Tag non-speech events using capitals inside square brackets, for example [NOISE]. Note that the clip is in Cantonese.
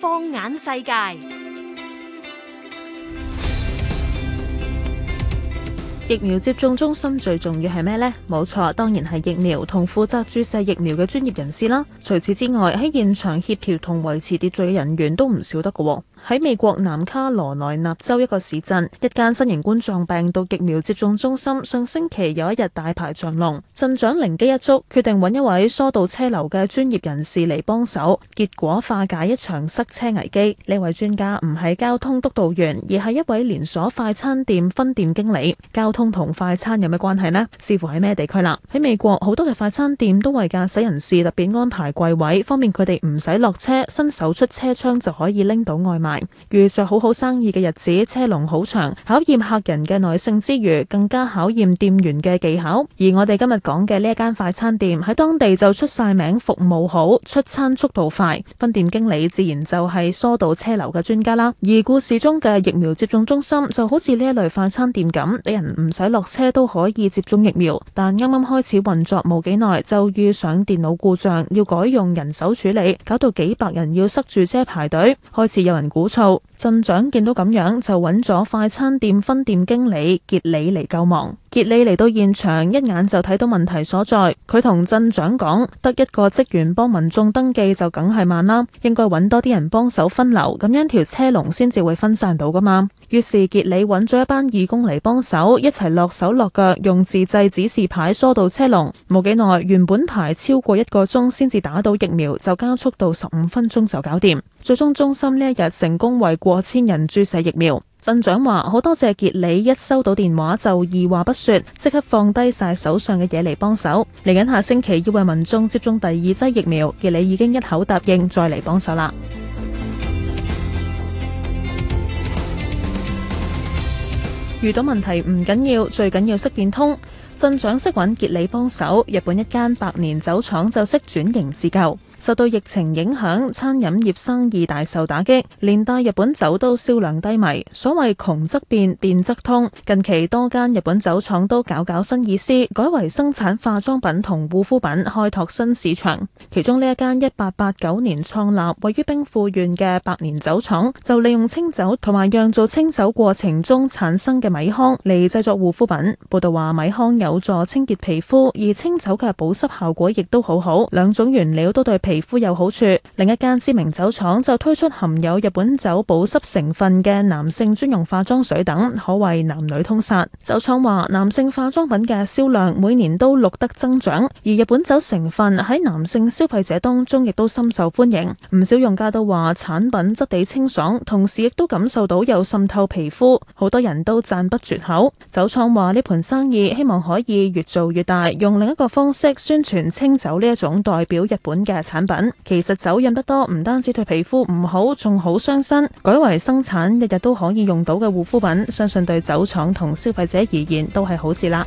放眼世界。疫苗接種中心最重要係咩咧？冇錯，當然係疫苗同負責注射疫苗嘅專業人士啦。除此之外，喺現場協調同維持秩序嘅人員都唔少得噶。喺美國南卡羅來納州一個市鎮，一間新型冠狀病毒疫苗接種中心上星期有一日大排長龍，鎮長靈機一觸，決定搵一位疏導車流嘅專業人士嚟幫手，結果化解一場塞車危機。呢位專家唔係交通督導員，而係一位連鎖快餐店分店經理。交通同快餐有咩關係呢？視乎喺咩地區啦。喺美國，好多嘅快餐店都為駕駛人士特別安排櫃位，方便佢哋唔使落車，伸手出車窗就可以拎到外賣。遇着好好生意嘅日子，車龍好長，考驗客人嘅耐性之餘，更加考驗店員嘅技巧。而我哋今日講嘅呢一間快餐店喺當地就出晒名，服務好，出餐速度快，分店經理自然就係疏導車流嘅專家啦。而故事中嘅疫苗接種中心就好似呢一類快餐店咁，俾人唔唔使落車都可以接種疫苗，但啱啱開始運作冇幾耐，就遇上電腦故障，要改用人手處理，搞到幾百人要塞住車排隊，開始有人鼓噪。鎮長見到咁樣，就揾咗快餐店分店經理傑里嚟救忙。杰里嚟到現場，一眼就睇到問題所在。佢同鎮長講，得一個職員幫民眾登記就梗係慢啦，應該搵多啲人幫手分流，咁樣條車龍先至會分散到噶嘛。於是杰里搵咗一班義工嚟幫手，一齊落手落腳，用自製指示牌疏導車龍。冇幾耐，原本排超過一個鐘先至打到疫苗，就加速到十五分鐘就搞掂。最終中心呢一日成功為過千人注射疫苗。鎮長話：好多謝傑里，一收到電話就二話不說，即刻放低晒手上嘅嘢嚟幫手。嚟緊下星期要為民眾接種第二劑疫苗，傑里已經一口答應再嚟幫手啦。 [MUSIC] 遇到問題唔緊要，最緊要識變通。鎮長識搵傑里幫手，日本一間百年酒廠就識轉型自救。受到疫情影響，餐飲業生意大受打擊，連帶日本酒都銷量低迷。所謂窮則變，變則通，近期多間日本酒廠都搞搞新意思，改為生產化妝品同護膚品，開拓新市場。其中呢一間一八八九年創立、位於兵庫縣嘅百年酒廠，就利用清酒同埋釀造清酒過程中產生嘅米糠嚟製作護膚品。報道話米糠有助清潔皮膚，而清酒嘅保濕效果亦都好好，兩種原料都對皮皮膚有好處，另一間知名酒廠就推出含有日本酒保濕成分嘅男性專用化妝水等，可謂男女通殺。酒廠話，男性化妝品嘅銷量每年都錄得增長，而日本酒成分喺男性消費者當中亦都深受歡迎。唔少用家都話產品質地清爽，同時亦都感受到有滲透皮膚，好多人都讚不絕口。酒廠話呢盤生意希望可以越做越大，用另一個方式宣傳清酒呢一種代表日本嘅產品。品其實酒飲得多，唔單止對皮膚唔好，仲好傷身。改為生產日日都可以用到嘅護膚品，相信對酒廠同消費者而言都係好事啦。